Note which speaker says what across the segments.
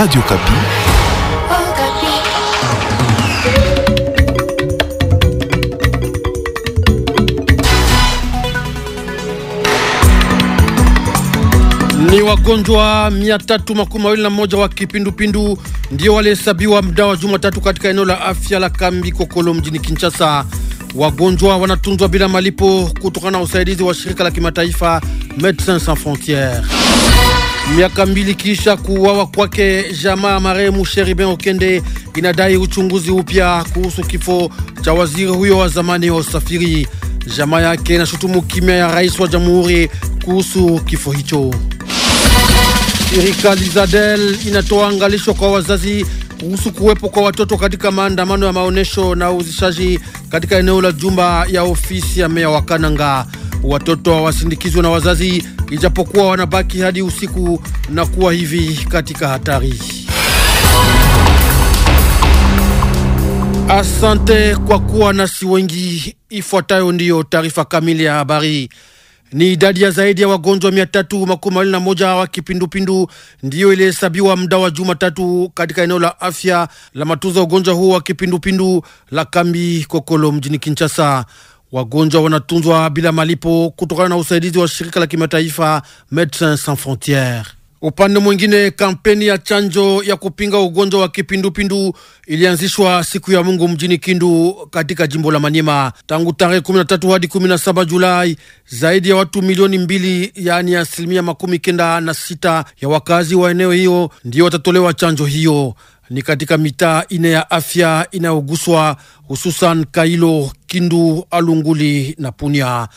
Speaker 1: Radio Kapi.
Speaker 2: Ni wagonjwa 321 wa kipindupindu ndio walihesabiwa mda wa Jumatatu katika eneo la afya la Kambi Kokolo mjini Kinshasa. Wagonjwa wanatunzwa bila malipo kutokana na usaidizi wa shirika la kimataifa Medecins Sans Frontieres. Miaka mbili kisha kuuawa kwake, jamaa marehemu Sheriben Okende inadai uchunguzi upya kuhusu kifo cha waziri huyo wa zamani wa usafiri. Jamaa yake inashutumu kimya ya rais wa jamhuri kuhusu kifo hicho. Shirika Lizadel inatoa angalisho kwa wazazi kuhusu kuwepo kwa watoto katika maandamano ya maonyesho na uzishaji katika eneo la jumba ya ofisi ya meya wa Kananga. Watoto hawasindikizwe na wazazi ijapokuwa wanabaki hadi usiku na kuwa hivi katika hatari. Asante kwa kuwa nasi wengi. Ifuatayo ndiyo taarifa kamili ya habari. Ni idadi ya zaidi ya wagonjwa mia tatu makumi mawili na moja wa kipindupindu ndiyo ilihesabiwa muda wa Jumatatu katika eneo la afya la matuza ugonjwa huo wa kipindupindu la kambi Kokolo mjini Kinshasa. Wagonjwa wanatunzwa bila malipo kutokana na usaidizi wa shirika la kimataifa Medecins Sans Frontieres. Upande mwingine, kampeni ya chanjo ya kupinga ugonjwa wa kipindupindu ilianzishwa siku ya Mungu mjini Kindu katika jimbo la Manyema. Tangu tarehe 13 hadi 17 Julai, zaidi ya watu milioni mbili, yaani asilimia makumi kenda na sita ya wakazi wa eneo hiyo ndio watatolewa chanjo hiyo ni katika mitaa ine ya afya inayoguswa hususan Kailo, Kindu, Alunguli na Punia.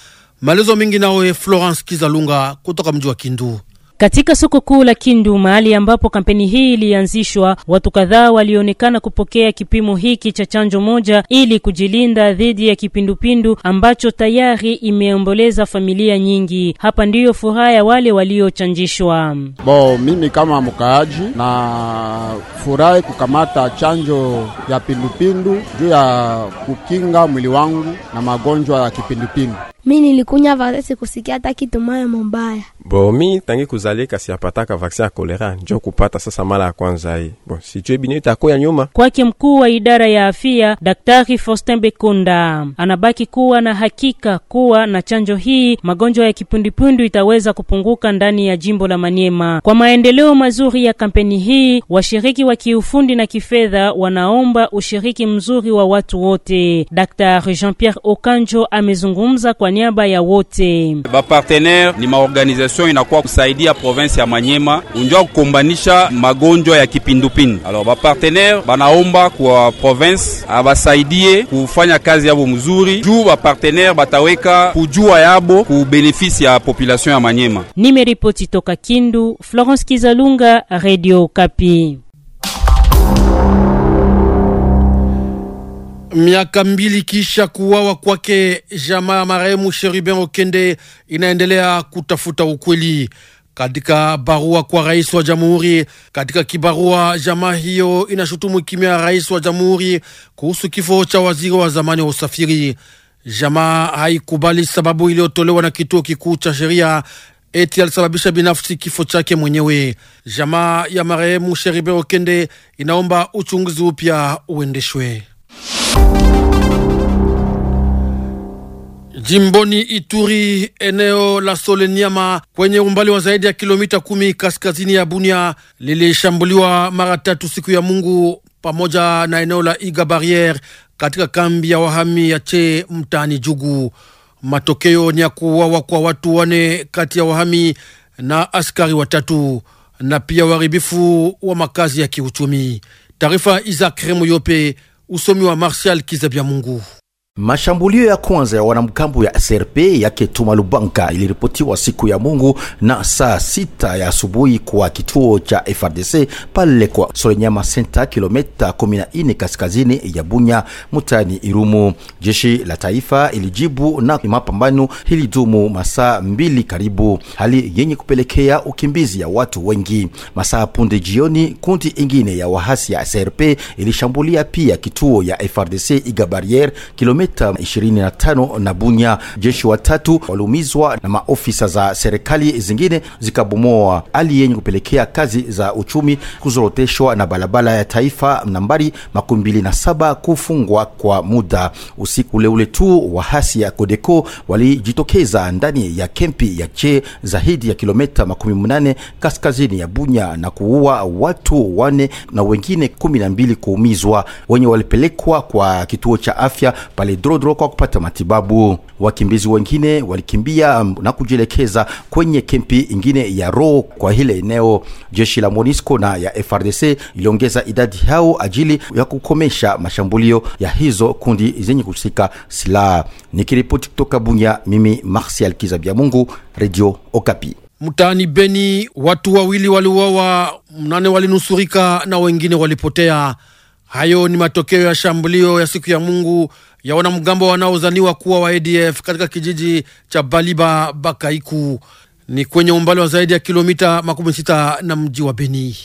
Speaker 2: Maelezo mengi nawe Florence Kizalunga kutoka mji wa Kindu.
Speaker 3: Katika soko kuu la Kindu, mahali ambapo kampeni hii ilianzishwa, watu kadhaa walionekana kupokea kipimo hiki cha chanjo moja ili kujilinda dhidi ya kipindupindu ambacho tayari imeomboleza familia nyingi. Hapa ndiyo furaha ya wale waliochanjishwa.
Speaker 4: Bo, mimi kama
Speaker 2: mkaaji na furahi kukamata chanjo ya pindupindu
Speaker 4: juu ya kukinga mwili wangu na magonjwa ya kipindupindu.
Speaker 3: Mi nilikunya vasesi kusikia hata kitu maya mbaya.
Speaker 4: Bo, mi tangi kuza kuzale kasi apataka vaksin ya kolera njo kupata sasa mala ya kwanza hii. Bon, sijue binyo itakoya nyuma kwake. Mkuu wa idara ya afya
Speaker 3: Daktari Faustin Bekunda anabaki kuwa na hakika kuwa na chanjo hii magonjwa ya kipundupundu itaweza kupunguka ndani ya jimbo la Maniema. Kwa maendeleo mazuri ya kampeni hii, washiriki wa kiufundi na kifedha wanaomba ushiriki mzuri wa watu wote. Daktari Jean-Pierre Okanjo amezungumza kwa niaba ya wote.
Speaker 5: Ba partenaire ni maorganization inakuwa kusaidia province ya Manyema unjua kukombanisha magonjwa ya kipindupindu. Alors bapartenere banaomba kwa province abasaidie kufanya kazi yabo mzuri juu bapartenere bataweka kujua yabo ku benefisi ya population ya Manyema.
Speaker 3: Nimeripoti toka Kindu, Florence Kizalunga, Radio Kapi.
Speaker 2: Miaka mbili kisha kuwawa kwake jamaa marehemu Sherubin Okende inaendelea kutafuta ukweli katika barua kwa rais wa jamhuri. Katika kibarua, jamaa hiyo inashutumu kimya ya rais wa jamhuri kuhusu kifo cha waziri wa zamani wa usafiri. Jamaa haikubali sababu iliyotolewa na kituo kikuu cha sheria eti alisababisha binafsi kifo chake mwenyewe. Jamaa ya marehemu Sheribero Kende inaomba uchunguzi upya uendeshwe. Jimboni Ituri, eneo la Solenyama kwenye umbali wa zaidi ya kilomita kumi kaskazini ya Bunia lilishambuliwa mara tatu siku ya Mungu pamoja na eneo la Iga Barriere katika kambi ya wahami ya Che mtaani Jugu. Matokeo ni ya kuuawa kwa watu wane kati ya wahami na askari watatu na pia uharibifu wa makazi ya kiuchumi. Taarifa Isaac Remoyope, usomi wa Martial Kizabya Mungu.
Speaker 4: Mashambulio ya kwanza ya wanamgambo ya SRP yake Tuma Lubanka iliripotiwa siku ya Mungu na saa sita ya asubuhi kwa kituo cha FRDC pale kwa Solenyama Senta, kilomita 14 kaskazini ya Bunya, mutani Irumu. Jeshi la taifa ilijibu na mapambano ilidumu masaa mbili karibu, hali yenye kupelekea ukimbizi ya watu wengi. Masaa punde jioni, kundi ingine ya wahasi ya SRP ilishambulia pia kituo ya FRDC Igabariere kilomita kilomita 25 na Bunya. Jeshi watatu waliumizwa na maofisa za serikali zingine zikabomoa, hali yenye kupelekea kazi za uchumi kuzoroteshwa na barabara ya taifa nambari 27 saba kufungwa kwa muda. Usiku uleule tu wahasi ya Kodeko walijitokeza ndani ya kempi ya che zaidi ya kilomita 18 kaskazini ya Bunya na kuua watu wane na wengine 12 kuumizwa, wenye walipelekwa kwa kituo cha afya pale drodro kwa kupata matibabu. Wakimbizi wengine walikimbia na kujielekeza kwenye kempi ingine ya Ro kwa hile eneo. Jeshi la MONISCO na ya FRDC iliongeza idadi hao ajili ya kukomesha mashambulio ya hizo kundi zenye kushika silaha. Nikiripoti kutoka Bunya, mimi Martial mungu Radio Okapi.
Speaker 2: Mtaani Beni watu wawili waliuawa, mnane walinusurika na wengine walipotea. Hayo ni matokeo ya shambulio ya siku ya Mungu ya wanamgambo wanaozaniwa kuwa wa ADF katika kijiji cha Baliba Bakaiku ni kwenye umbali wa zaidi ya kilomita makumi sita na mji wa Beni.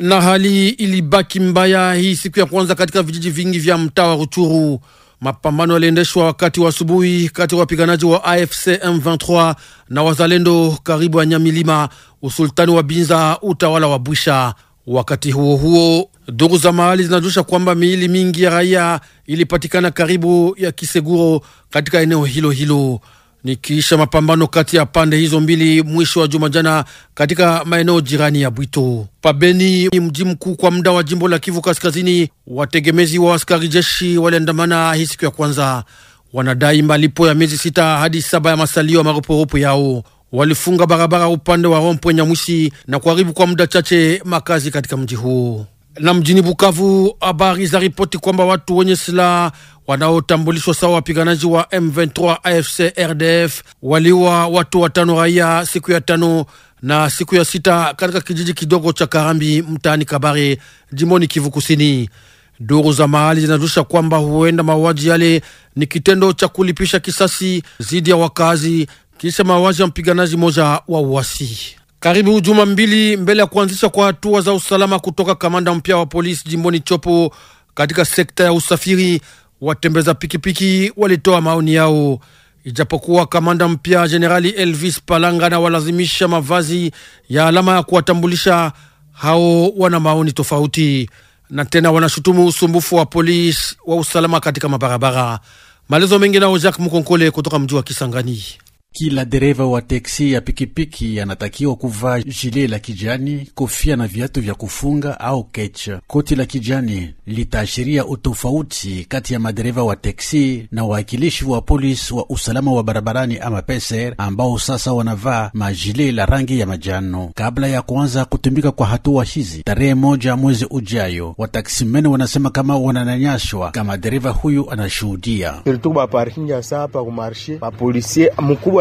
Speaker 2: Na hali ilibaki mbaya hii siku ya kwanza katika vijiji vingi vya mtaa wa Ruchuru. Mapambano yaliendeshwa wakati wa asubuhi kati ya wapiganaji wa AFC M23 na wazalendo karibu ya Nyamilima, usultani wa Binza, utawala wa Bwisha. Wakati huo huo, ndugu za mahali zinajusha kwamba miili mingi ya raia ilipatikana karibu ya Kiseguro katika eneo hilo hilo nikiisha mapambano kati ya pande hizo mbili mwisho wa juma jana katika maeneo jirani ya Bwito. Pabeni, mji mkuu kwa muda wa jimbo la Kivu Kaskazini, wategemezi wa askari jeshi waliandamana hii siku ya kwanza, wanadai malipo ya miezi sita hadi saba ya masalio ya marupurupu yao walifunga barabara upande wa Rompwe Nyamwisi na kuharibu kwa muda chache makazi katika mji huo. Na mjini Bukavu, habari za ripoti kwamba watu wenye silaha wanaotambulishwa sawa wapiganaji wa M23 AFC RDF waliwa watu watano raia siku ya tano na siku ya sita katika kijiji kidogo cha Karambi mtaani Kabare jimoni Kivu Kusini. Duru za mahali zinazusha kwamba huenda mauaji yale ni kitendo cha kulipisha kisasi dhidi ya wakazi kisha mauaji ya mpiganaji moja wa uasi karibu juma mbili mbele ya kuanzishwa kwa hatua za usalama kutoka kamanda mpya wa polisi jimboni Chopo katika sekta ya usafiri, watembeza pikipiki walitoa maoni yao. Ijapokuwa kamanda mpya Jenerali Elvis Palanga na walazimisha mavazi ya alama ya kuwatambulisha, hao wana maoni tofauti na tena wanashutumu usumbufu wa polisi wa usalama katika mabarabara. Maelezo mengi nao Jacques mkonkole kutoka mji wa Kisangani. Kila dereva wa teksi ya pikipiki anatakiwa kuvaa jile la kijani, kofia na viatu vya kufunga au kech. Koti la kijani litaashiria utofauti kati ya madereva wa teksi na wawakilishi wa polisi wa usalama wa barabarani ama peser, ambao sasa wanavaa majile la rangi ya majano. Kabla ya kuanza kutumika kwa hatua hizi tarehe moja mwezi ujayo, wataksimeni wanasema kama wananyanyashwa kama dereva
Speaker 4: huyu anashuhudia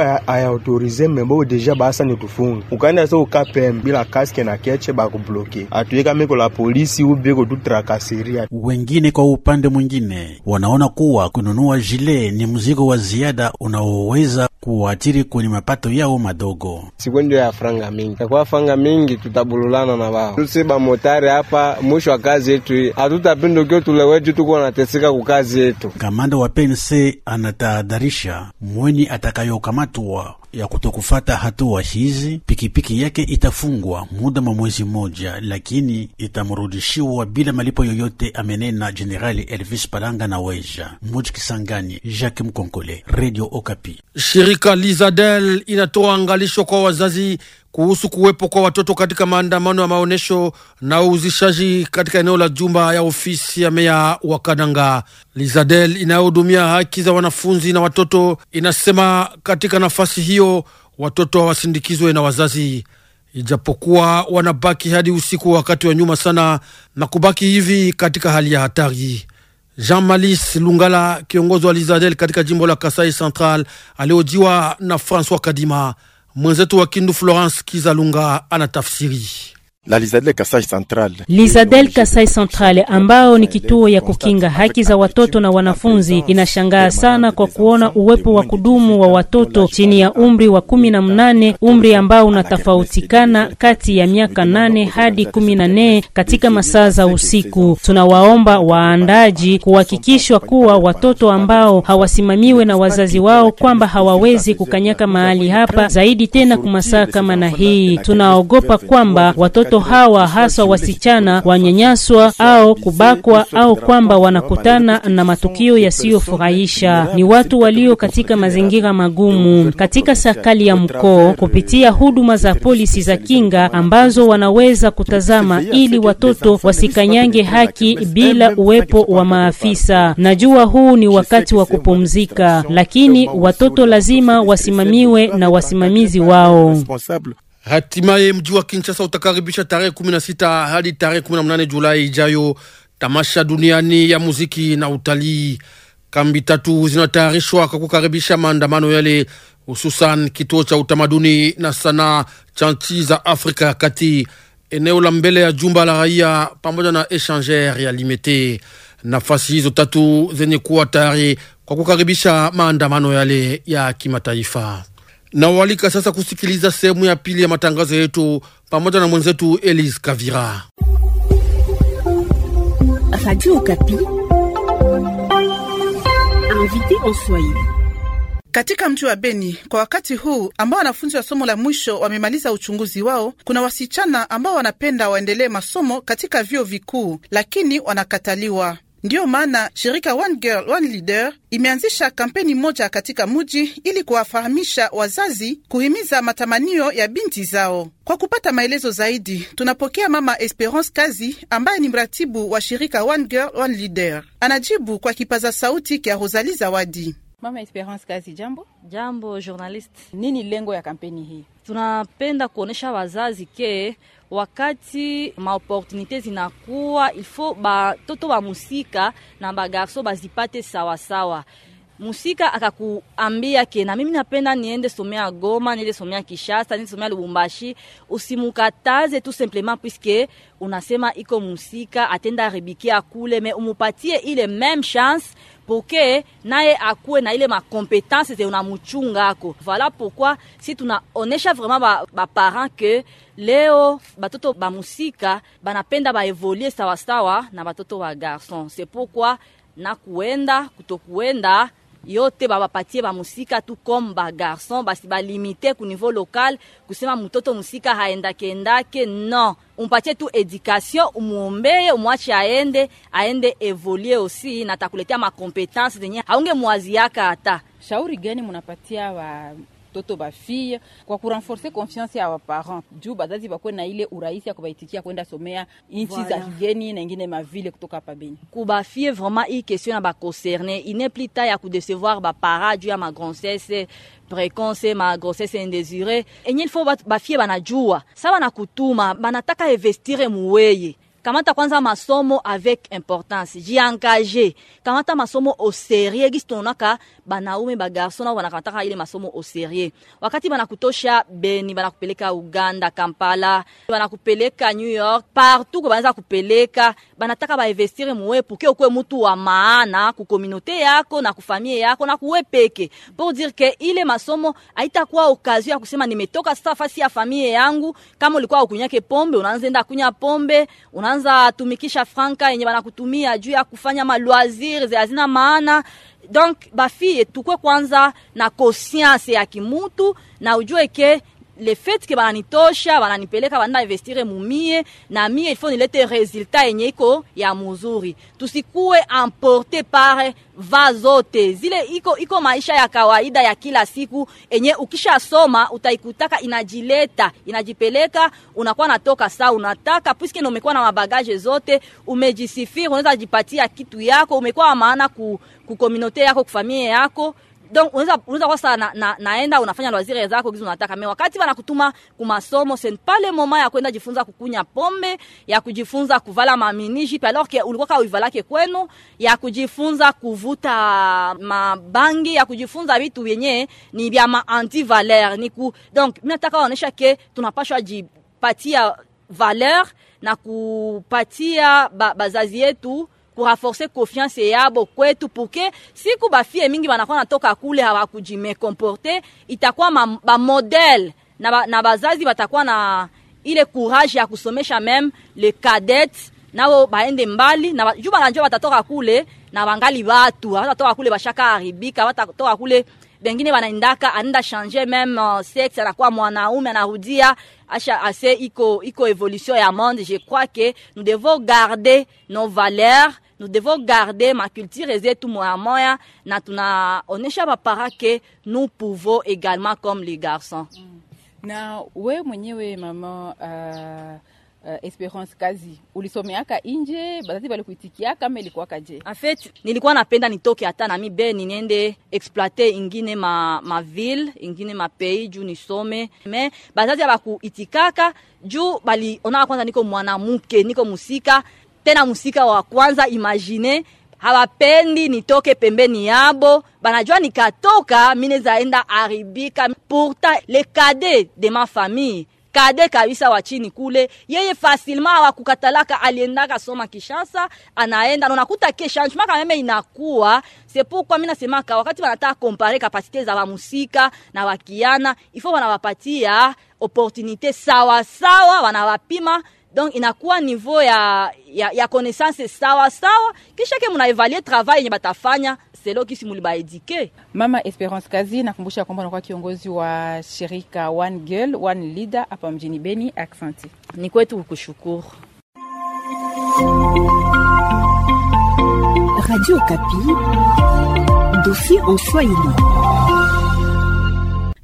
Speaker 4: hayaautorize membo deja basa ni nitufunga ukaenda so ukapem bila kaske na keche bakubloke atuweka miko la polisi ubeko tutrakasiria. Wengine kwa upande mwingine
Speaker 2: wanaona kuwa kununua jile ni mzigo wa ziada unaoweza kuwatiri kwenye mapato yao madogo. Sikwendo ya franga mingi
Speaker 5: takwa franga mingi, tutabululana na wao tusi bamotari hapa. Mwisho wa kazi yetu hii hatutapindukio tulewetu, tuko nateseka
Speaker 2: kukazi yetu. Kamanda wa pense anatahadharisha mweni atakayokamata hatua ya kutokufata hatua hizi, pikipiki yake itafungwa muda wa mwezi mmoja, lakini itamrudishiwa bila malipo yoyote, amenena Jenerali Elvis Palanga na Weja Muji Kisangani. Jacques Mkonkole, Radio Okapi. Shirika Lizadel inatoa angalisho kwa wazazi kuhusu kuwepo kwa watoto katika maandamano ya maonyesho na uhuzishaji katika eneo la jumba ya ofisi ya meya wa Kananga. Lizadel inayohudumia haki za wanafunzi na watoto inasema katika nafasi hiyo watoto hawasindikizwe na wazazi, ijapokuwa wanabaki hadi usiku wakati wa nyuma sana na kubaki hivi katika hali ya hatari. Jean Malis Lungala, kiongozi wa Lizadel katika jimbo la Kasai Central, aliojiwa na Francois Kadima. Mwenzetu wa Kindu Florence Kizalunga anatafsiri
Speaker 4: la Lisadel Kasai Central.
Speaker 3: Lisadel Kasai Central ambao ni kituo ya kukinga haki za watoto na wanafunzi inashangaa sana kwa kuona uwepo wa kudumu wa watoto chini ya umri wa kumi na mnane, umri ambao unatofautikana kati ya miaka nane hadi kumi na nne katika masaa za usiku. Tunawaomba waandaji kuhakikishwa kuwa watoto ambao hawasimamiwe na wazazi wao kwamba hawawezi kukanyaka mahali hapa zaidi tena kumasaa kama na hii. Tunaogopa kwamba watoto watoto hawa hasa wasichana wanyanyaswa au kubakwa au kwamba wanakutana na matukio yasiyofurahisha. Ni watu walio katika mazingira magumu. Katika serikali ya mkoo kupitia huduma za polisi za kinga ambazo wanaweza kutazama ili watoto wasikanyange haki bila uwepo wa maafisa. Najua huu ni wakati wa kupumzika, lakini watoto lazima wasimamiwe na wasimamizi wao.
Speaker 2: Hatimaye mji wa Kinshasa utakaribisha tarehe 16 hadi tarehe 18 Julai ijayo tamasha duniani ya muziki na utalii. Kambi tatu zinatayarishwa kwa kukaribisha maandamano yale, hususan kituo cha utamaduni na sanaa cha nchi za Afrika ya Kati, eneo la mbele ya jumba la raia pamoja na Echanger ya Limete. Nafasi hizo tatu zenye kuwa tayari kwa kukaribisha maandamano yale ya kimataifa na walika sasa kusikiliza sehemu ya pili ya matangazo yetu pamoja na mwenzetu Elise Kavira.
Speaker 3: Radio
Speaker 6: invité en Swahili. Katika mji wa Beni kwa wakati huu ambao wanafunzi wa somo la mwisho wamemaliza uchunguzi wao, kuna wasichana ambao wanapenda waendelee masomo katika vyuo vikuu, lakini wanakataliwa. Ndiyo maana shirika One Girl One Leader imeanzisha kampeni moja katika muji ili kuwafahamisha wazazi kuhimiza matamanio ya binti zao. Kwa kupata maelezo zaidi, tunapokea Mama Esperance Kazi ambaye ni mratibu wa shirika One Girl One Leader. Anajibu kwa kipaza sauti kya rosali Zawadi.
Speaker 1: Mama Esperance Kazi, jambo. Jambo journalist. Nini lengo ya kampeni hii? Tunapenda kuonesha wazazi ke wakati maoportunite zinakuwa ilfo batoto ba musika na bagarso bazipate sawasawa sawa musika akakuambia kena, mimi napenda niende somea Goma, niende somea Kishasa, niende somea Lubumbashi, usimukataze tu simplement puisque unasema iko musika atenda ribikia kule, me umupatie ile même chance poke naye akuwe na ile makompetence ze unamuchunga ako. Voilà pourquoi si tunaonesha vraiment ba, ba parents que leo batoto ba musika banapenda baevolue sawasawa na batoto ba garçon, c'est pourquoi na kuenda kutokuenda yote babapatie bamusika tu comme garçon basi balimite ku niveau local kusema mutoto musika haendakendake. No, umpatie tu education, umuombeye, umwache aende aende evolue osi, na takuletea makompetence zenye haunge mwaziaka. Hata shauri gani munapatia wa watoto bafia kwa kurenforce confiance ya waparent juu bazazi bakuwe na ile urahisi ya kubaitikia kwenda somea inchi voilà, za kigeni na ingine mavile kutoka hapa Beni. Kubafie vraiment hii question na bakonserne ine plus ma ya kudesevoir bapara juu ya magrossesse precoce, magrossesse indesiree enye ilifo bafie banajua sa banakutuma banataka investire muweye kamata kwanza masomo avec importance, jiangaje, kamata masomo au serie. Gisi tunaonaka banaume bagarso nao wanakamata ile masomo au serie, wakati banakutosha Beni, banakupeleka Uganda, Kampala, banakupeleka New York, partout kwa banaweza kupeleka, banataka bainvestire muwe puke ukwe mutu wa maana ku communauté yako na ku yako na kuwe peke, pour dire que ile masomo haitakuwa occasion ya kusema nimetoka sasa fasi ya familia yangu, kama ulikuwa ukunyake pombe unaanza enda kunya pombe una banza tumikisha franka yenye wanakutumia juu ya kufanya maloisirs hazina maana. Donc bafie tukwe kwanza na conscience ya kimutu na ujue ke le fait ke bananitosha bananipeleka banda investire mumie na mie ilfo nilete resultat yenye iko ya muzuri, tusikuwe emporte par va zote zile iko, iko maisha ya kawaida ya kila siku enye ukisha soma utaikutaka inajileta inajipeleka, unakuwa natoka saa unataka puisque na umekuwa na mabagaje zote, umejisifiri, unaweza jipatia kitu yako, umekuwa maana ku, ku yako, ku yako donc unaweza unaweza kwa sana na, naenda unafanya waziri zako gizo unataka mimi, wakati wanakutuma kumasomo sen pale moma ya kwenda jifunza kukunya pombe ya kujifunza kuvala maminishi alors que ulikuwa uvala uivalake kwenu ya kujifunza kuvuta mabangi ya kujifunza vitu vyenye ni vya ma anti valeur ni ku, donc mimi nataka waonesha ke tunapashwa jipatia valeur na kupatia ba, bazazi yetu renforcer confiance yabo kwetu puke siku bafie mingi banakuwa natoka kule hawakujimekomporte itakuwa bamodel na, ba, na bazazi batakuwa na ile courage ya kusomesha meme le cadet nao baende mbali na juu banajua batatoka kule na bangali batu batatoka kule bashaka haribika batatoka kule bengine banaendaka anaenda change meme uh, sexe anakuwa mwanaume anarudia asha ase iko iko evolution ya monde je crois que nous devons garder nos valeurs Nous devons garder ma culture zetu moya moya na tunaonesha baparake nous pouvons également comme les garçons. Mm. Na we mwenyewe mama uh... Uh, Esperance kazi ulisomeaka nje, bazazi balikuitikia kama ilikuwaka je? En fait nilikuwa napenda nitoke hata nami Beni niende exploiter ingine ma, ma ville ingine ma pays juu nisome, me bazazi abakuitikaka juu bali onaka kwanza niko mwanamke niko musika tena musika wa kwanza imagine hawapendi nitoke pembeni yabo, banajua nikatoka minezaenda aribika. Pourtant le kade de ma famille kade kabisa wa chini kule, yeye fasilma hawakukatalaka, aliendaka soma Kishasa, anaenda na unakuta ke changement kama meme inakuwa c'est pourquoi mimi nasema ka wakati wanataka comparer capacité za wamusika na wakiana, ifo wanawapatia opportunité sawa sawa, wanawapima donc inakuwa niveau ya, ya, ya connaissance sawa sawa, kisha ke munaevalie travail yenye batafanya selo kisi mulibaedike. Mama Esperance Kazi nakumbusha kwamba nakuwa kiongozi wa shirika One Girl One Leader hapa mjini Beni. Aksanti, ni kwetu kukushukuru.
Speaker 3: Radio Kapi,
Speaker 6: dossier en Swahili.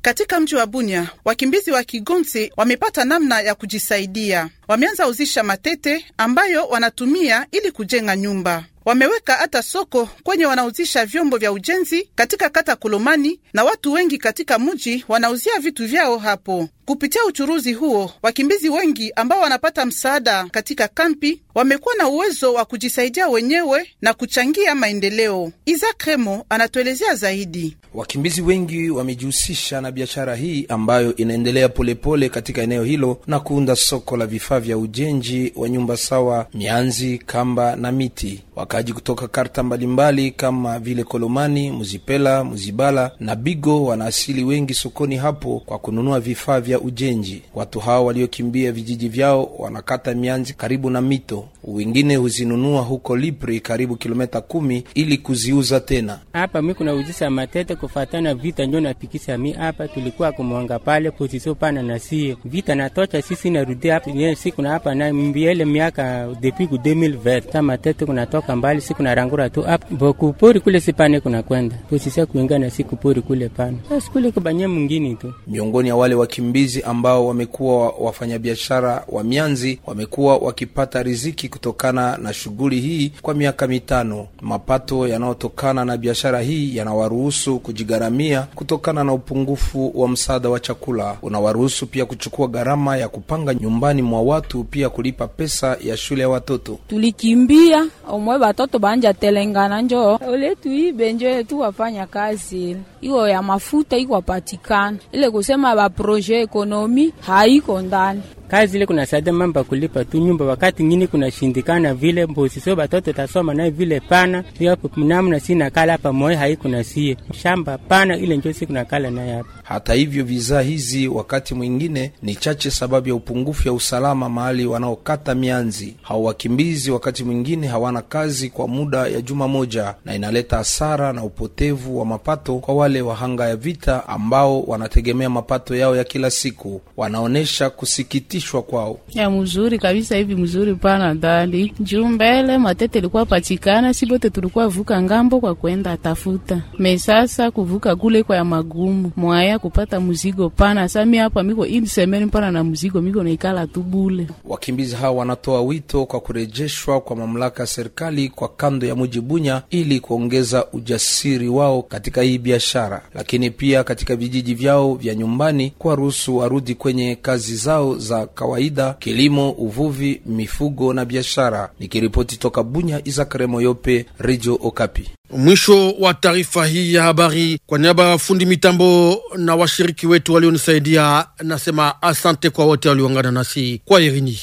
Speaker 6: Katika mji wa Bunya, wakimbizi wa Kigomsi wamepata namna ya kujisaidia. Wameanza uzisha matete ambayo wanatumia ili kujenga nyumba wameweka hata soko kwenye wanauzisha vyombo vya ujenzi katika kata kulomani na watu wengi katika mji wanauzia vitu vyao hapo. Kupitia uchuruzi huo, wakimbizi wengi ambao wanapata msaada katika kampi wamekuwa na uwezo wa kujisaidia wenyewe na kuchangia maendeleo. Isaac Remo anatuelezea zaidi.
Speaker 5: Wakimbizi wengi wamejihusisha na biashara hii ambayo inaendelea polepole pole katika eneo hilo na kuunda soko la vifaa vya ujenzi wa nyumba sawa, mianzi, kamba na miti Waka Wakaaji kutoka karta mbalimbali mbali kama vile Kolomani, Muzipela, Muzibala na Bigo wana asili wengi sokoni hapo kwa kununua vifaa vya ujenzi. Watu hao waliokimbia vijiji vyao wanakata mianzi karibu na mito, wengine huzinunua huko Lipri, karibu kilometa kumi ili kuziuza tena.
Speaker 3: Hapa mi kuna uzisa matete kufatana vita, njo napikisha mi hapa. Tulikuwa kumwanga pale pozisio pana na sie vita natocha sisi narudia hapa siku na hapa na mbiele miaka depi ku 2020 matete kunatoka mbali, siku na rangura tu hapa boku pori kule sipane kuna kwenda tusisa kuingana siku pori kule pana basi kule kubanye mwingine tu.
Speaker 5: Miongoni ya wale wakimbizi ambao wamekuwa wafanyabiashara wa mianzi wamekuwa wakipata riziki kutokana na shughuli hii kwa miaka mitano. Mapato yanayotokana na biashara hii yanawaruhusu kujigharamia kutokana na upungufu wa msaada wa chakula, unawaruhusu pia kuchukua gharama ya kupanga nyumbani mwa watu, pia kulipa pesa ya shule ya watoto.
Speaker 3: Tulikimbia umweba batoto banja telengana njo uletuibe njo tuwafanya kazi iko ya mafuta iko patikana, ile kusema ba projet ekonomi haiko ndani kazi ile kuna saida mamba kulipa tu nyumba, wakati ngine kuna shindikana vile mbosi so batoto tasoma naye vile pana hiyo hapo mnamna sina
Speaker 5: kala hapa moyo haikuna sie shamba pana ile njoo kuna kala naye hapa. Hata hivyo vizaa hizi wakati mwingine ni chache, sababu ya upungufu ya usalama mahali wanaokata mianzi. Hao wakimbizi wakati mwingine hawana kazi kwa muda ya juma moja, na inaleta hasara na upotevu wa mapato kwa wale wahanga ya vita ambao wanategemea mapato yao ya kila siku, wanaonesha kusikitika kuhusishwa kwao.
Speaker 6: Ya mzuri kabisa hivi mzuri pana ndani juu mbele matete ilikuwa patikana, si bote tulikuwa vuka ngambo kwa kwenda tafuta me. Sasa kuvuka kule kwa ya magumu mwaya kupata mzigo pana. Sami hapa miko ini semeni pana na mzigo miko naikala tu bule.
Speaker 5: Wakimbizi hao wanatoa wito kwa kurejeshwa kwa mamlaka ya serikali kwa kando ya mji Bunya ili kuongeza ujasiri wao katika hii biashara, lakini pia katika vijiji vyao vya nyumbani kwa ruhusu warudi kwenye kazi zao za kawaida, kilimo, uvuvi, mifugo na biashara. Nikiripoti toka Bunya, Izakare Moyope, Radio Okapi. Mwisho
Speaker 2: wa taarifa hii ya habari. Kwa niaba ya fundi mitambo na washiriki wetu walionisaidia, nasema asante kwa wote walioungana nasi kwa Irini.